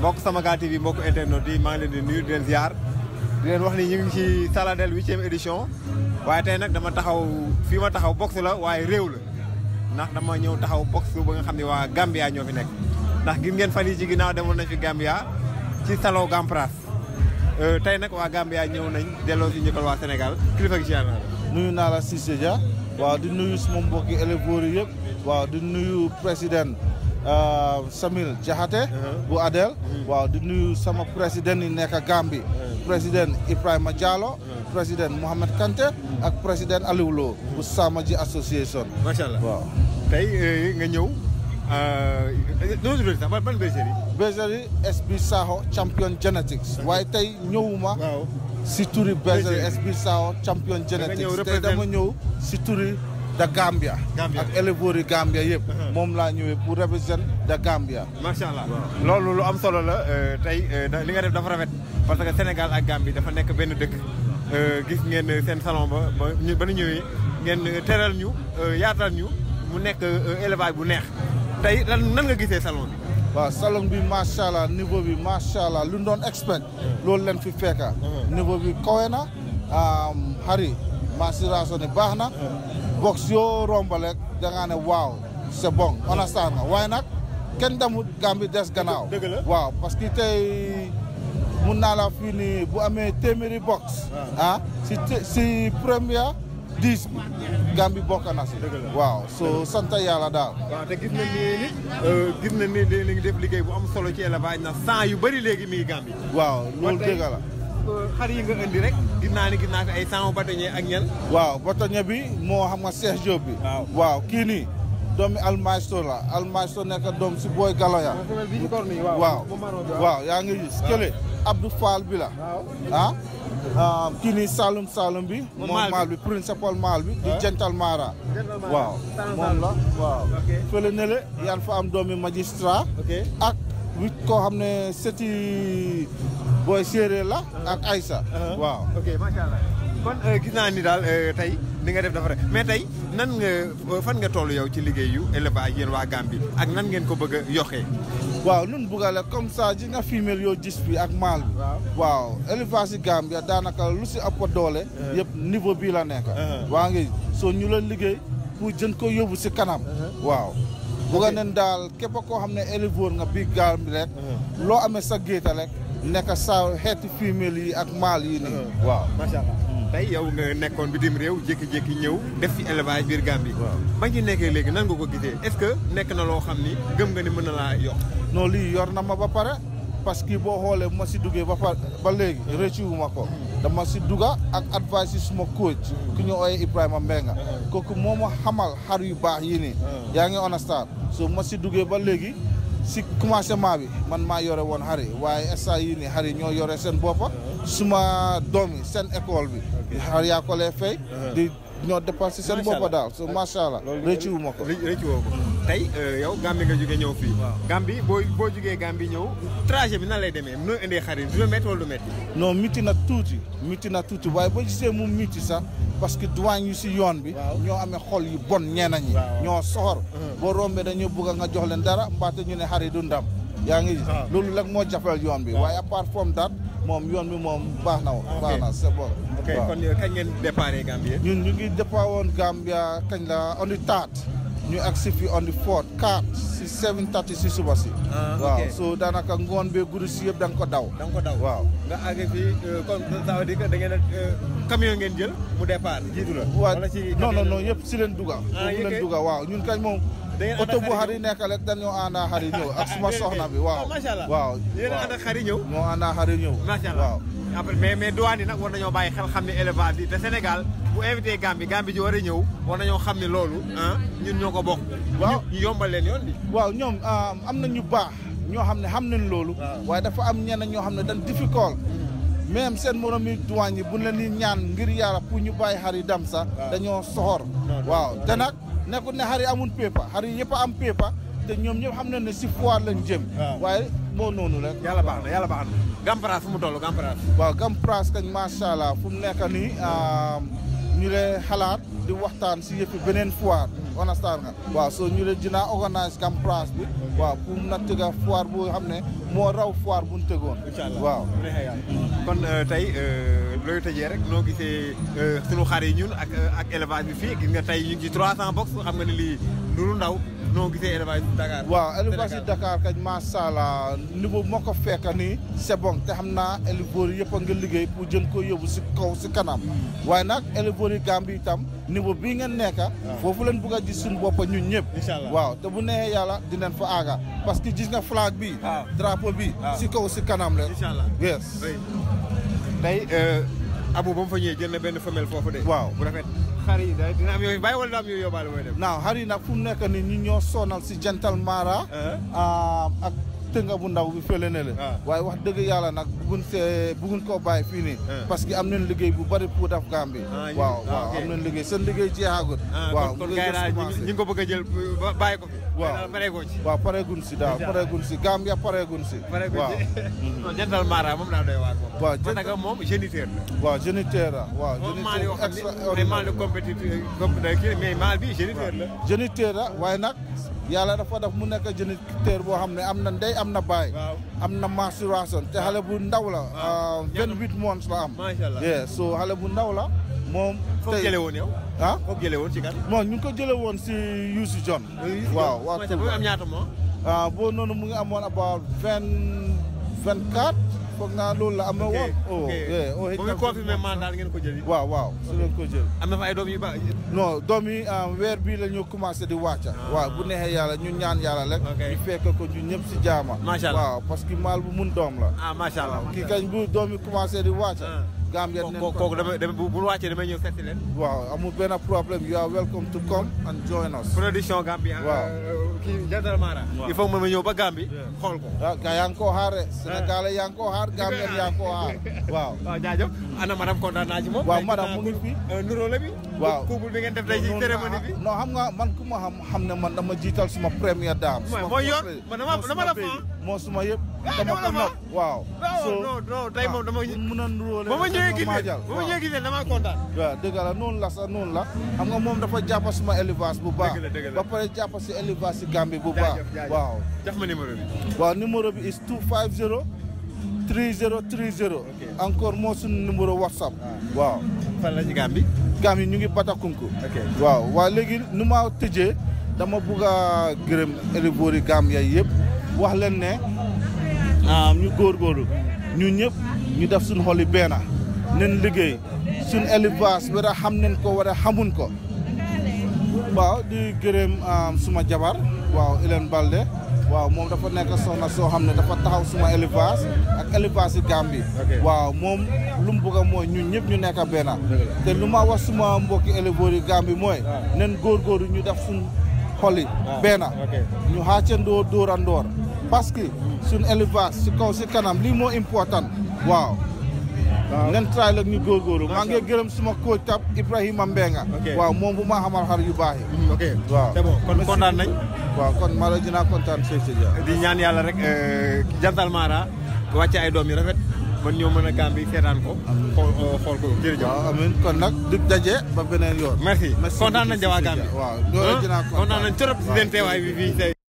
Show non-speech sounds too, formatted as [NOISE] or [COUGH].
mbokk sama gaa TV mbokk internet di mana di New di leen di leen wax ni ñu ngi ci Saladel 8e édition waaye tey tahu dama taxaw fii ma taxaw box la waaye réew la ndax dama ñëw taxaw box ba nga xam Gambia ñoo fi nekk ndax gis ngeen nak yi ci ginnaaw demoon nañ fi Gambia ci salon Gampras eh, tey nag waa Gambia ñëw nañ delloo si ñëkkal waa Sénégal kilifa gi ciyaar nuyu naa la Cissé Dia waaw di nuyu suma mbokki élevore yëpp waaw di nuyu président Uh, Samil Jahate eh? uh-huh. bu Adel hmm. waaw di nuyu sama Presiden yi nekk Gambi uh-huh. Presiden Ibrahima Majalo, uh-huh. Presiden Muhammad Kante hmm. ak Presiden Aliou Lo hmm. bu Samaji Association. Masya allah waaw. tey nga ñëw. non ban ban bezeri sb saho champion genetics waaye tey ñëwuma si Situri bezeri sb saho champion genetics tey dama ñëw si da Gambia. Gambia ak éleveurs yu Gambia yëpp. Uh-huh. moom laa ñëwee pour represent da Gambia. macha allah loolu lu am solo la euh, tey euh, li nga def dafa rafet parce que Sénégal ak Gambie dafa nekk benn dëkk. Euh, gis ngeen seen salon ba ba ñu ba ñëwee ngeen teral ñu yaatal ñu mu nekk élevage bu neex tey lan nan nga gisee salon bi. waaw salon bi macha allah niveau bi macha allah lu doon expect uh-huh. loolu leen fi fekka uh-huh. niveau bi kawe na xari maturité ne baax na. box yoo rombaleeg da ngaa ne waaw c'est bon understand na waaye nag kenn demut Gambie des gannaaw waaw parce que tey mun naa la fii nii bu amee téeméeri box ah si si première dix bi Gambie na si waaw so sant yàlla daal waaw te gis na ni euh, gis na ni li def liggéey bu am solo ci élevage na cent yu bëri léegi mi ngi waaw loolu dëgg la xar yi nga indi rek ginnaa ni ginnaa ko ay sama batoñe ak ñel. waaw batoñe bi moo xam nga Cheikh Diop bi. waaw waaw kii nii si booy Galoya. waaw waaw yaa ngi gis kële Abdou Fall bi la. waaw kii nii bi. moom bi principal maal bi di Gental Mara. waaw moom la waaw. fële nële yan fa am ak huit koo xam seti. booy séeréer la ak Aïssa uh-huh. waaw ok macha kon euh, gis naa ni daal euh, tey ni nga def dafa rek mais tey nan nga euh, fan nga toll yow ci liggéeyu élevage yéen waa bi ak nan ngeen ko bëgg a waaw nun bugale comme saa ji nga femelle yoo gis bi ak mâle bi waaw élevage yi Gambia daanaka lu si ëpp doole uh-huh. yëpp niveau bii la nekk uh-huh. waa ngi soo ñu la liggéey pour jën ko yóbbu si kanam waaw buga nen daal képp koo xam ne éleveur nga biir Gambie rek loo amee sa géeta rek nekk saaw xeeti fumier yi ak maal yi nii. Uh-huh. waaw macha allah. Hmm. tey yow nga nekkoon bitim réew jékki-jékki ñëw def fi élevage biir Gambie. waaw ba ngi nekkee léegi nan nga ko giddee est-ce que nekk na loo xam ni gëm nga ni mën na laa yokk. noo lii yor na ma ba pare parce que boo xoolee bu ma si duggee ba ba léegi rëccuwu ma ko. Hmm. dama si dugga ak advice yi suma coach hmm. ku ñu ooyee Ibrahima Mbenga kooku moo ma xamal xar yu baax yi nii. yaa ngi understand so ma si duggee ba léegi. si commencement bi man maa yore woon xar waaye sa yii nii xar ñoo yore seen boppa suma doom seen école bi. xar yaa ko lay fay. Uh-huh. di ñoo dépassé seen boppa daal so macha allah. rëccu wu ma ko rëccu woo ko. tey euh, yow gambi nga jógee ñëw fii. waaw Gambie boo boo jógee Gambie ñëw. trajet bi nan lay demee noo indee xari yi dina métti wala du na tuuti. métti na tuuti waaye boo gisee mu métti sax. parce que douane yu ci yoon bi ñoo amé xol yu bon ñeena ñi ñoo soxor bo rombé dañu bëgg nga jox leen dara mbaté ñu né xari du ndam ya nga loolu lak mo jafal yoon bi waye apart from that mom yoon bi mom baax na baax na c'est bon ok kon kañ ngeen départé gambia ñun ñu ngi départ won gambia kañ la on est tard ñu agsi fi on the fourth quatre si seven thirty si suba si. Ah, waaw so daanaka ngoon bee guddi si yëpp da ko daw. da nga daw waaw. nga àgg fi comme euh, ça veut dire que da ngeen a euh, camion ngeen jël mu départ jiitu la. wala ci non non yëpp si leen dugga. ah leen dugga waaw ñun kañ moom. oto bu xari nekk rek dañoo ànd ak xari ñëw ak suma [LAUGHS] soxna bi waaw. Oh, waaw yéen a ànd ak xari ñëw. ñëw. macha mais mais douane yi nag war nañoo bàyyi xel xam ne élevage bi te Sénégal bu invité Gambie Gambie ji war a ñëw war nañoo xam ne loolu ah ñoo ko bokk. waaw ñu yombal leen waaw ñoom ah, am na ñu baax ñoo xam ne xam nañ loolu. waaye dafa am ñeneen ñoo xam ne dañ difficile. Hmm. même seen morom yi duwaañ yi bu ñu leen ñaan ngir yàlla pour ñu bàyyi xar yi sax. dañoo soxor. waaw te nag ne xar yi amul pépa xar yi yëpp am pépa te ñoom ñëpp xam nañ ne si foire lañ jëm. waaye moo noonu rek. yàlla baax na yàlla baax na. Gamparaas fu mu toll Gamparaas. waaw Gamparaas kañ macha allah fu mu nekk nii. Ah, ñu le xalaat di waxtaan si yëfi beneen foire onastaar kan? so ñu le dinaa organise kam place bi waaw pour mun a tëg a foire bu xam ne moo raw foire bu ñu tëggoon. waaw kon tey looy tëjee rek noo gisee sunu box xam nga ne lii lu no gite ene way dakar wa ene wasi dakar kay masala niveau moko fekka ni c'est bon te xamna ene bori yepp nga liggey pour jeun ko yobu ci kaw ci kanam hmm. way nak ene bori gambi tam niveau bi nga neka ha. fofu lañ bëgg di sun bop ñun ñepp inshallah wa te bu neexé yalla di nañ fa aga parce que gis nga flag bi ha. drapeau bi ci ha. kaw ci kanam la inshallah yes tay euh abou bam fa ñëw jël na ben femelle fofu de waaw bu rafet xar yi am yooyu bàyyi wala naaw xar yi nag fu mu nekk nii ñoo sonal si jantal maara. Uh-huh. Uh, ak tënga bu ndaw bi fële ne la. Ah. waaye wax dëgg yàlla nag bëgguñ see bëgguñ koo bàyyi fii nii. Uh. parce que am nañ liggéey bu bari pour daf Gambie. Ah, waaw waaw ah, am nañ liggéey seen liggéey jeexagut. waaw ñu ngi ko bëgg a jël bàyyi ko waaw pareeguñ si. waaw si daal pareeguñ si Gambia pareeguñ si. waaw mm-hmm. non Jental Mara moom daa doy waar moom. waaw waaye nag yàlla dafa def mu nekk géniteur boo xam ne am na ndey am na baay. am na menstruation te xale bu ndaw la. 28 ah, mois la am. macha allah so xale bu ndaw la. moom foo jëlee woon yow. ah foo jëlee ci kan. bon ñu ko jëlee woon si Youssou John. waaw waaw tuuti am ñaata mois. ah boo noonu mu ngi amoon about vingt vingt quatre. foog naa loolu la am na woon. ok ok oh, oh, mu ngeen ko jëli. waaw waaw si ngeen jël. am na ay doom yu ba. non doom ah, weer bii la ñu commencé di wàcca ah. waaw bu neexee yàlla ñu ñaan yàlla rek. ñu fekk ko ñu ñëpp si jaama. macha allah waaw parce que maal bu mun doom la. ah macha allah kii kañ bu doom yi commencé di wàcca ah. Gambia ko kooku damay bu bu wàccee damay ñëw seet si leen. waaw amul you are welcome to come and join us. production Gambia. waaw euh, euh, il faut que ma ñëw ba Gambie. xool ko waaw ah, gars yaa ngi koo xaar de. Sénégal yaa ngi koo xaar [LAUGHS] Gambia yaa ngi koo xaar waaw. waaw jaajëf ana madame kontaan naa ci moom. waaw madame mu ngi fi. Euh, nuroo la bi. waaw couple bi ngeen def tey ci cérémonie bi. non xam nga man ku ma xam xam ne man dama jiital suma première dame. mooy yoon man dama dama la moo suma yëpp. Eh, dama ko nopp waaw. soo non non tey moom dama. mën a nuróole ba ma ñëwee gis ne ba ma ñëwee gis ne kontaan. waaw dëgg la noonu la sax noonu la. xam nga moom dafa jàpp suma élevage bu baax. ba pare jàpp si élevage si Gambie bu baax. waaw jox ma numéro bi. waaw numéro bi is 250 30 30. encore moo suñu numéro WhatsApp. Ah. waaw. fan la ci Gambie. Gambie ñu ngi Batakunku. ok waaw waaye léegi nu ma tëjee dama bugg a gërëm éleveurs yi Gambie yëpp. wax leen ne ñu góorgóorlu ñun ñëpp ñu def suñu xol yi benn nen liggéey suñu élevage war a xam nen ko war a xamuñ ko waaw di gërëm suma jabar waaw Hélène Balde waaw moom dafa nekk soxna soo xam ne dafa taxaw suma élevage ak élevage yi Gambie waaw moom lu mu bëgg a mooy ñun ñëpp ñu nekk benn te lu ma wax suma mbokki éleveurs yi Gambie mooy ah. nen góor ñu def suñ xol yi ah. benn ñu xaacandoo dóorandoor parce que sun élevage ci kaw ci kanam li moo important Wow. ngeen traay la ñu góorgóoru maa ngi gërëm suma coach tab Ibrahima Mbenga ah. Wow, moom bu ma xamal xar yu baax yi. ok waaw c' bon kon kontaan nañ. waaw kon ma la dinaa kontaan Seydou Seydou di ñaan yàlla rek eh, jantal Mara wàcce ay doom yu rafet man ñëw mën a gaam bi seetaan ko. xool xool eh, ko jërëjëf waaw amiin kon nag di daje ba beneen yoon. merci merci kontaan nañ jawaa gaam bi waaw loolu dinaa kontaan kontaan nañ trop si seen teewaay bi fii